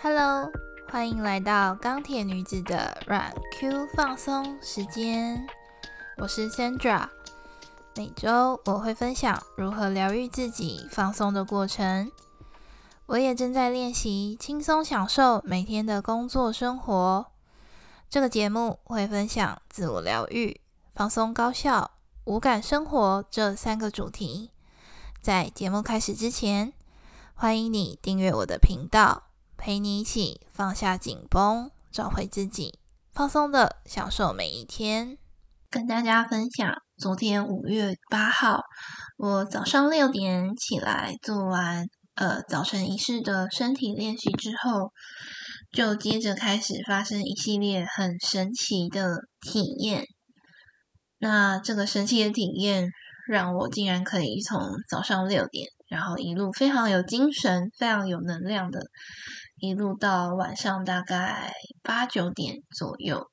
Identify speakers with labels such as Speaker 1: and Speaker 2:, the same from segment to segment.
Speaker 1: Hello，歡迎來到鋼鐵女子的軟 Q 放鬆時間。我是 Sandra，每週我會分享如何療癒自己、放鬆的過程。我也正在練習輕鬆享受每天的工作生活。這個節目會分享自我療癒、放鬆、高效、五感生活這三個主題。在節目開始之前，歡迎你訂閱我的頻道。陪你一起放下緊繃，找回自己，放鬆的享受每一天。跟大家分享，昨天五月八號，我早上六點起來，做完呃早晨儀式的身體練習之後，就接着開始發生一系列很神奇的體驗。那這個神奇的體驗，讓我竟然可以從早上六點，然後一路非常有精神、非常有能量的。一路到晚上大概八九點左右，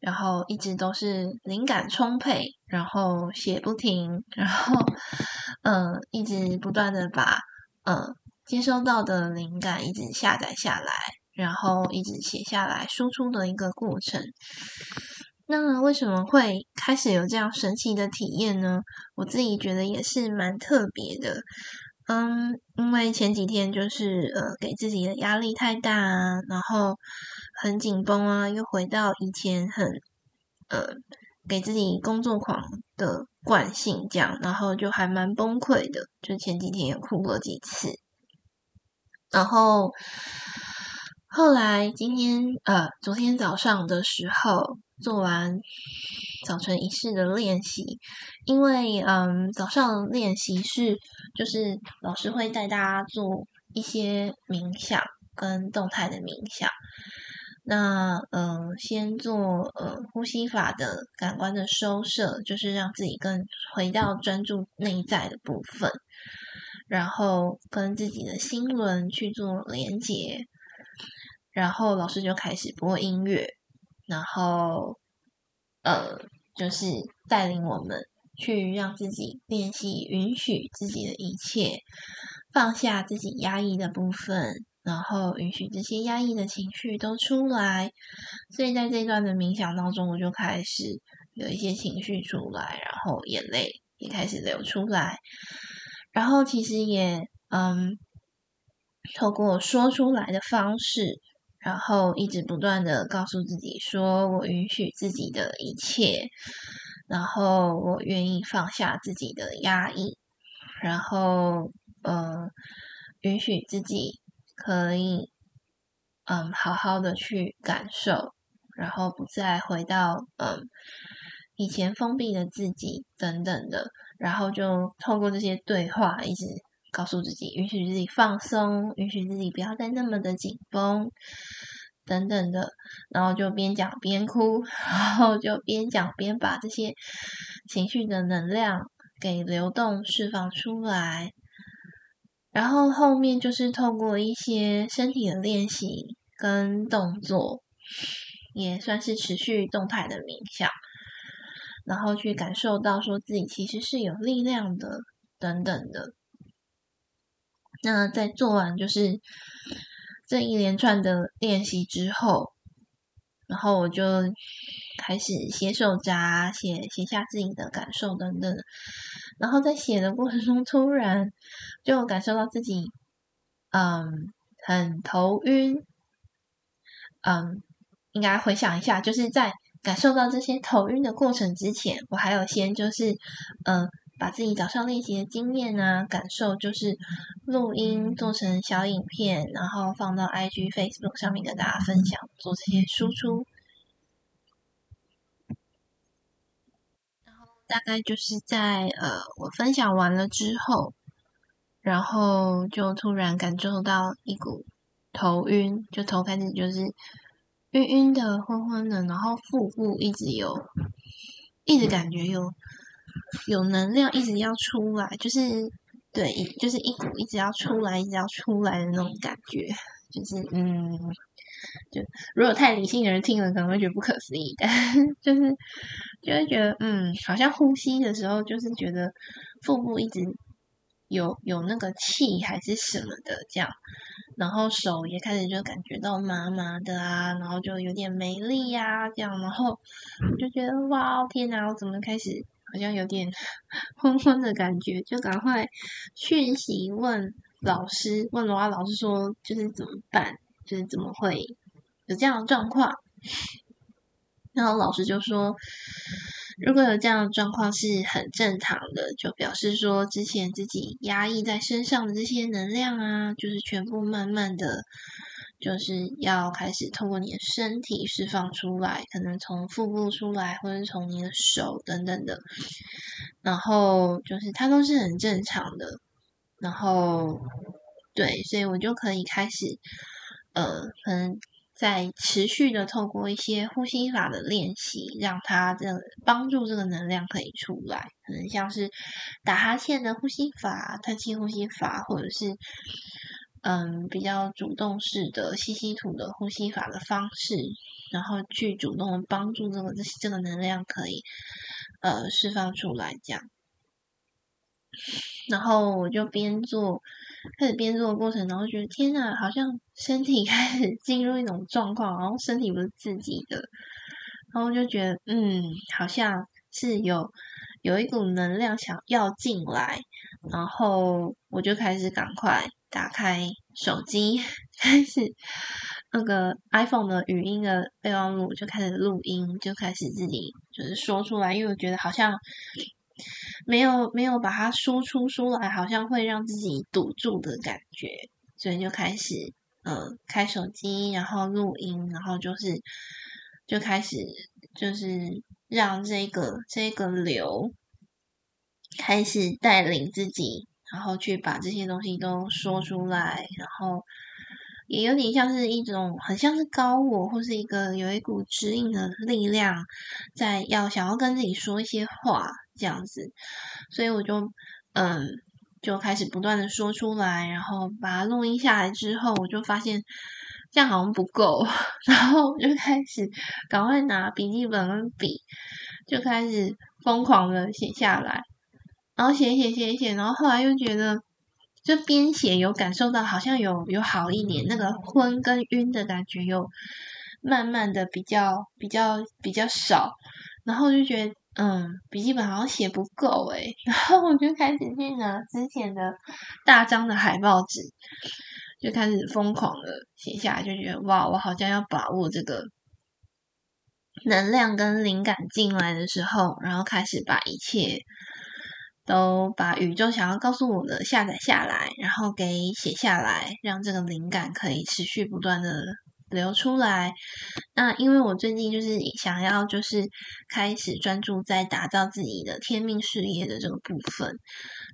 Speaker 1: 然後一直都是靈感充沛，然後寫不停，然後嗯、呃，一直不斷的把嗯、呃、接收到的靈感一直下載下來，然後一直寫下來輸出的一個過程。那為什麼會開始有這樣神奇的體驗呢？我自己覺得也是蠻特別的。嗯，因為前幾天就是呃，給自己的壓力太大啊，然後很緊繃啊，又回到以前很呃給自己工作狂的慣性這樣，然後就還蠻崩潰的，就前幾天也哭過幾次，然後後來今天呃，昨天早上的時候做完。早晨儀式的練習，因為嗯，早上練習是就是老師會帶大家做一些冥想跟動態的冥想。那嗯，先做呃、嗯、呼吸法的感官的收攝，就是讓自己更回到專注內在的部分，然後跟自己的心輪去做連接，然後老師就開始播音樂，然後。呃，就是帶領我們去讓自己練習，允許自己的一切，放下自己壓抑的部分，然後允許這些壓抑的情緒都出來。所以在這段的冥想當中，我就開始有一些情緒出來，然後眼淚也開始流出來，然後其實也嗯，透過說出來的方式。然後一直不斷的告訴自己說：“我允許自己的一切，然後我願意放下自己的壓抑，然後嗯，允許自己可以嗯，好好的去感受，然後不再回到嗯，以前封閉的自己等等的，然後就透過這些對話一直。”告訴自己，允許自己放鬆，允許自己不要再那麼的緊繃，等等的。然後就邊講邊哭，然後就邊講邊把這些情緒的能量給流動釋放出來。然後後面就是透過一些身體的練習跟動作，也算是持續動態的冥想，然後去感受到說自己其實是有力量的，等等的。那在做完就是這一連串的練習之後，然後我就開始寫手札，寫寫下自己的感受等等。然後在寫的過程中，突然就感受到自己，嗯，很頭暈。嗯，應該回想一下，就是在感受到這些頭暈的過程之前，我還有先就是，嗯。把自己早上練習的經驗啊、感受，就是錄音做成小影片，然後放到 IG、Facebook 上面跟大家分享，做這些輸出。然後大概就是在呃，我分享完了之後，然後就突然感受到一股頭暈，就頭開始就是暈暈的、昏昏的，然後腹部一直有，一直感覺有。有能量一直要出來，就是對，就是一股一直要出來，一直要出來的那種感覺，就是嗯，就如果太理性的人聽了，可能會覺得不可思議，但就是就會覺得嗯，好像呼吸的時候，就是覺得腹部一直有有那個氣還是什麼的這樣，然後手也開始就感覺到麻麻的啊，然後就有點沒力呀，啊，這樣，然後我就覺得哇，哦，天吶，我怎麼開始？好像有點昏昏的感覺，就趕快訊息問老師，問了啊，老師說就是怎麼辦？就是怎麼會有這樣的狀況？然後老師就說，如果有這樣的狀況是很正常的，就表示說之前自己壓抑在身上的這些能量啊，就是全部慢慢的。就是要開始透過你的身體釋放出來，可能從腹部出來，或者從你的手等等的，然後就是它都是很正常的。然後，對，所以我就可以開始，呃，可能在持續的透過一些呼吸法的練習，讓它這個幫助這個能量可以出來，可能像是打哈欠的呼吸法、嘆氣呼吸法，或者是。嗯，比較主動式的吸吸吐的呼吸法的方式，然後去主動幫助這個這個能量可以呃釋放出來，這樣。然後我就邊做，開始邊做的過程，然後覺得天哪，好像身體開始進入一種狀況，然後身體不是自己的，然後我就覺得嗯，好像是有有一股能量想要進來，然後我就開始趕快。打開手機，開始那個 iPhone 的語音的備忘錄，就開始錄音，就開始自己就是說出來，因為我覺得好像沒有沒有把它輸出出來，好像會讓自己堵住的感覺，所以就開始呃、嗯、開手機，然後錄音，然後就是就開始就是讓這個這個流開始帶領自己。然後去把這些東西都說出來，然後也有點像是一種很像是高我或是一個有一股指引的力量，在要想要跟自己說一些話這樣子，所以我就嗯就開始不斷的說出來，然後把它錄音下來之後，我就發現這樣好像不夠，然後就開始趕快拿筆記本筆就開始瘋狂的寫下來。然後寫，寫寫寫寫，然後後來又覺得，就邊寫有感受到，好像有有好一點，那個昏跟暈的感覺又慢慢的比較比較比較少，然後就覺得嗯，筆記本好像寫不夠哎、欸，然後我就開始去拿之前的大張的海報紙，就開始瘋狂的寫下來，就覺得哇，我好像要把握這個能量跟靈感進來的時候，然後開始把一切。都把宇宙想要告訴我的下載下來，然後給寫下來，讓這個靈感可以持續不斷的流出來。那因為我最近就是想要，就是開始專注在打造自己的天命事業的這個部分。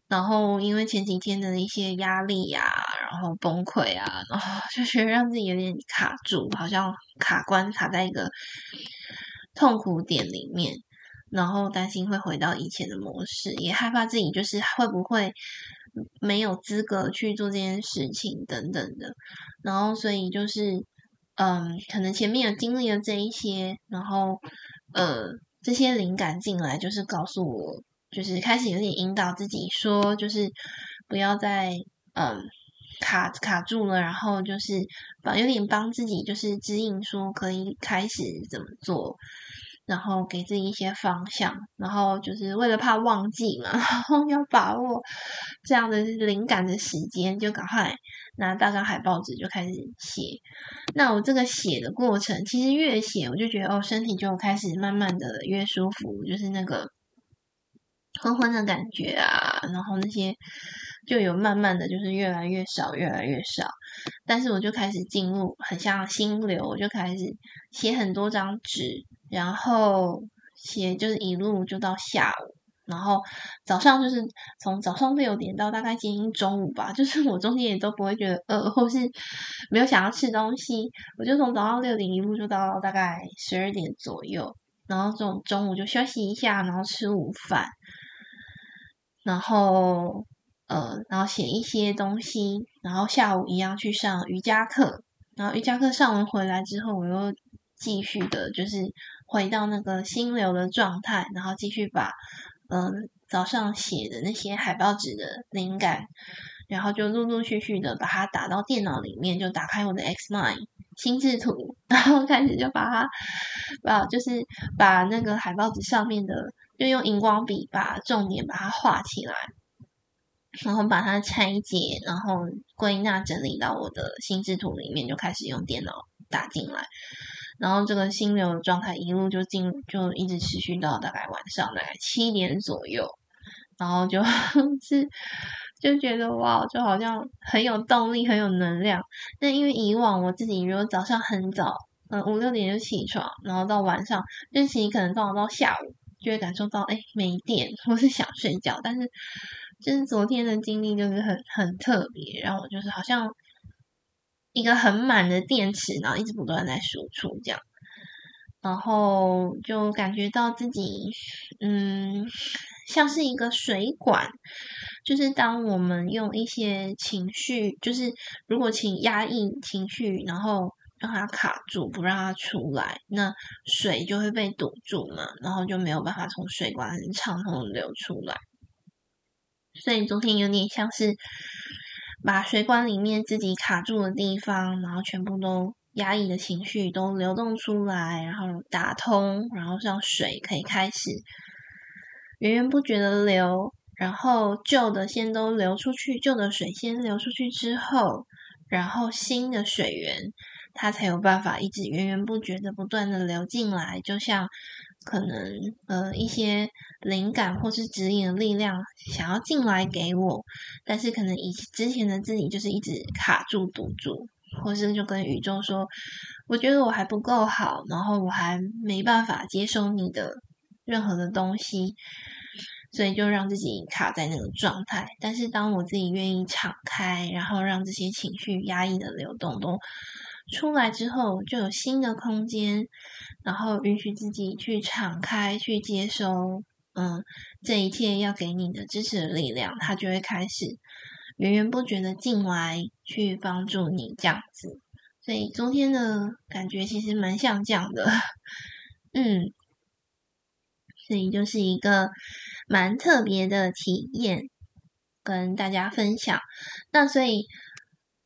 Speaker 1: 然後因為前幾天的一些壓力呀，然後崩潰啊，然後就是讓自己有點卡住，好像卡關卡在一個痛苦點裡面。然後擔心會回到以前的模式，也害怕自己就是會不會沒有資格去做這件事情等等的。然後所以就是，嗯，可能前面有經歷了這一些，然後呃，這些靈感進來就是告訴我，就是開始有點引導自己說，就是不要再嗯卡卡住了，然後就是把有點幫自己就是指引說可以開始怎麼做。然後給自己一些方向，然後就是為了怕忘記嘛，然後要把握這樣的靈感的時間，就趕快拿大張海報紙就開始寫。那我這個寫的過程，其實越寫我就覺得我身體就開始慢慢的越舒服，就是那個昏昏的感覺啊，然後那些就有慢慢的就是越來越少越來越少，但是我就開始進入很像心流，我就開始寫很多張紙。然後寫就是一路就到下午，然後早上就是從早上六點到大概今天中午吧，就是我中間也都不會覺得餓、呃、或是沒有想要吃東西，我就從早上六點一路就到大概十二點左右，然後中午中午就休息一下，然後吃午飯，然後呃，然後寫一些東西，然後下午一樣去上瑜伽課，然後瑜伽課上完回來之後，我又繼續的就是。回到那個心流的狀態，然後繼續把嗯、呃、早上寫的那些海報紙的靈感，然後就陸陸續續的把它打到電腦裡面，就打開我的 Xmind 心智圖，然後開始就把它把就是把那個海報紙上面的，就用熒光筆把重點把它畫起來，然後把它拆解，然後歸納整理到我的心智圖裡面，就開始用電腦打進來。然後這個心流的狀態一路就進，就一直持續到大概晚上大概七點左右，然後就是就覺得哇，就好像很有動力，很有能量。那因為以往我自己如果早上很早，嗯，五六點就起床，然後到晚上，就是你可能到到下午就會感受到哎、欸、沒電或是想睡覺。但是就是昨天的經歷就是很很特別，然後我就是好像。一個很滿的電池，然後一直不斷在輸出這樣，然後就感覺到自己，嗯，像是一個水管，就是當我們用一些情緒，就是如果情壓抑情緒，然後讓它卡住，不讓它出來，那水就會被堵住嘛，然後就沒有辦法從水管很暢通流出來，所以昨天有點像是。把水管裡面自己卡住的地方，然後全部都壓抑的情緒都流動出來，然後打通，然後像水可以開始源源不絕的流，然後舊的先都流出去，舊的水先流出去之後，然後新的水源它才有辦法一直源源不絕的不斷的流進來，就像。可能呃一些靈感或是指引的力量想要進來給我，但是可能以之前的自己就是一直卡住堵住，或是就跟宇宙說，我覺得我還不夠好，然後我還沒辦法接收你的任何的東西，所以就讓自己卡在那個狀態。但是當我自己願意敞開，然後讓這些情緒壓抑的流動都。出來之後，就有新的空間，然後允許自己去敞開、去接收，嗯，這一切要給你的支持的力量，它就會開始源源不絕的進來，去幫助你這樣子。所以昨天的感覺其實蠻像這樣的，嗯，所以就是一個蠻特別的體驗，跟大家分享。那所以。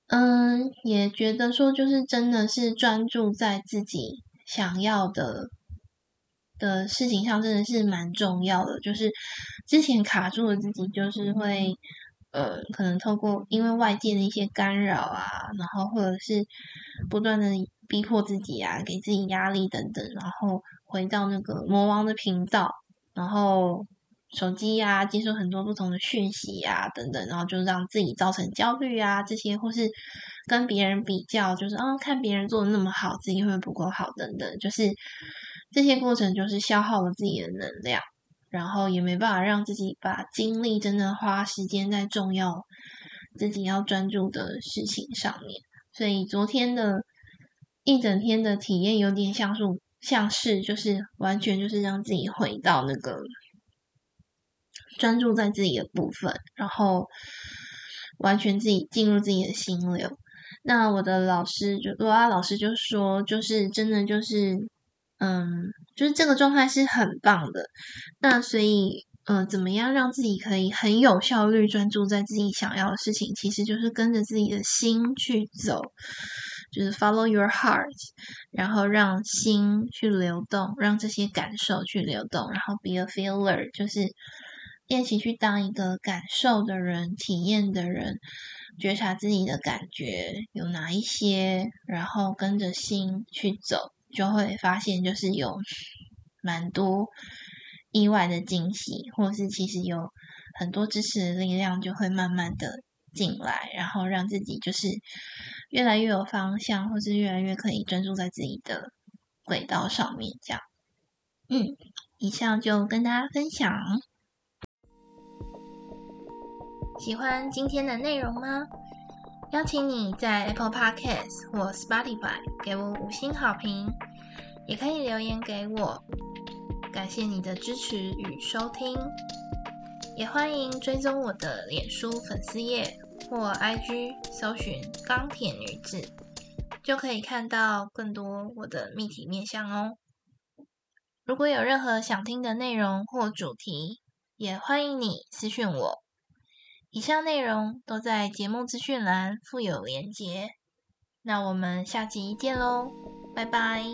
Speaker 1: 嗯，也覺得說，就是真的是專注在自己想要的的事情上，真的是蠻重要的。就是之前卡住了自己，就是會、嗯、呃，可能透過因為外界的一些干擾啊，然後或者是不斷的逼迫自己啊，給自己壓力等等，然後回到那個魔王的頻道，然後。手機呀、啊，接受很多不同的訊息呀、啊，等等，然後就讓自己造成焦慮啊，這些或是跟別人比較，就是啊、哦、看別人做的那麼好，自己會不會不夠好，等等，就是這些過程就是消耗了自己的能量，然後也沒辦法讓自己把精力真的花時間在重要、自己要專注的事情上面。所以昨天的一整天的體驗有點像素像是就是完全就是讓自己回到那個。專注在自己的部分，然後完全自己進入自己的心流。那我的老師就，羅拉老師就說，就是真的就是，嗯，就是這個狀態是很棒的。那所以，嗯、呃，怎麼樣讓自己可以很有效率專注在自己想要的事情？其實就是跟着自己的心去走，就是 follow your heart，然後讓心去流動，讓這些感受去流動，然後 be a feeler，就是。練習去當一個感受的人、體驗的人，覺察自己的感覺有哪一些，然後跟着心去走，就會發現就是有蠻多意外的驚喜，或是其實有很多支持的力量就會慢慢的進來，然後讓自己就是越來越有方向，或是越來越可以專注在自己的軌道上面。這樣，嗯，以上就跟大家分享。喜歡今天的內容嗎？邀請你在 Apple Podcast 或 Spotify 給我五星好評，也可以留言給我。感謝你的支持與收聽，也歡迎追蹤我的臉書粉絲頁或 IG，搜尋“鋼鐵女芷”，就可以看到更多我的立體面向哦。如果有任何想聽的內容或主題，也歡迎你私訊我。以上內容都在節目資訊欄附有連結，那我們下集見嘍，拜拜。